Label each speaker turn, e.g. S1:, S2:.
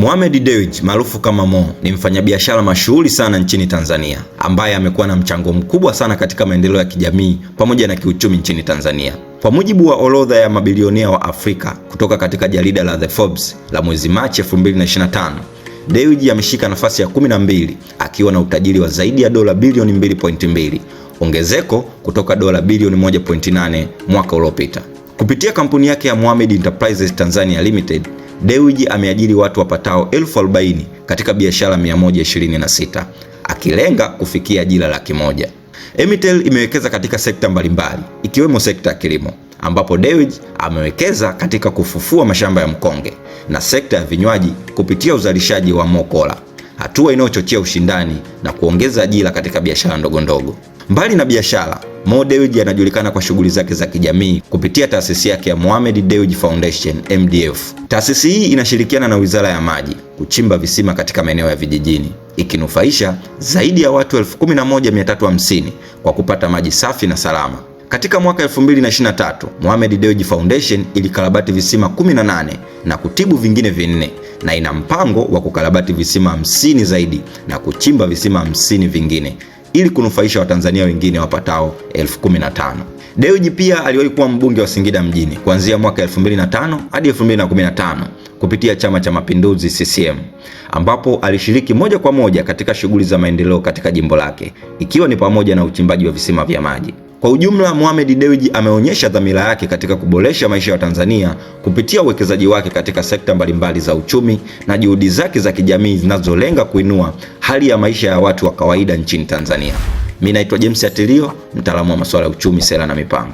S1: Mohamed Dewji maarufu kama Mo ni mfanyabiashara mashuhuri sana nchini Tanzania ambaye amekuwa na mchango mkubwa sana katika maendeleo ya kijamii pamoja na kiuchumi nchini Tanzania. Kwa mujibu wa orodha ya mabilionea wa Afrika kutoka katika jarida la The Forbes la mwezi Machi 2025, Dewji ameshika nafasi ya 12 akiwa na utajiri wa zaidi ya dola bilioni 2.2, ongezeko kutoka dola bilioni 1.8 mwaka uliopita. Kupitia kampuni yake ya Mohamed Enterprises Tanzania Limited Dewji ameajiri watu wapatao elfu arobaini katika biashara 126 akilenga kufikia ajira laki moja. Emitel imewekeza katika sekta mbalimbali ikiwemo sekta ya kilimo ambapo Dewji amewekeza katika kufufua mashamba ya mkonge na sekta ya vinywaji kupitia uzalishaji wa Mokola, hatua inayochochea ushindani na kuongeza ajira katika biashara ndogondogo. Mbali na biashara, Mo Dewji anajulikana kwa shughuli zake za kijamii kupitia taasisi yake ya Mohamed Dewji Foundation MDF. Taasisi hii inashirikiana na Wizara ya Maji kuchimba visima katika maeneo ya vijijini, ikinufaisha zaidi ya watu 11350 kwa kupata maji safi na salama. Katika mwaka 2023, Mohamed Dewji Foundation ilikarabati visima 18 na kutibu vingine vinne na ina mpango wa kukarabati visima 50 zaidi na kuchimba visima 50 vingine ili kunufaisha Watanzania wengine wapatao elfu kumi na tano. Dewji pia aliwahi kuwa mbunge wa Singida mjini kuanzia mwaka 2005 hadi 2015 kupitia Chama cha Mapinduzi CCM, ambapo alishiriki moja kwa moja katika shughuli za maendeleo katika jimbo lake, ikiwa ni pamoja na uchimbaji wa visima vya maji. Kwa ujumla, Mohamed Dewji ameonyesha dhamira yake katika kuboresha maisha ya Tanzania kupitia uwekezaji wake katika sekta mbalimbali za uchumi na juhudi zake za kijamii zinazolenga kuinua hali ya maisha ya watu wa kawaida nchini Tanzania. Mimi naitwa James Atilio, mtaalamu wa masuala ya uchumi, sera na mipango.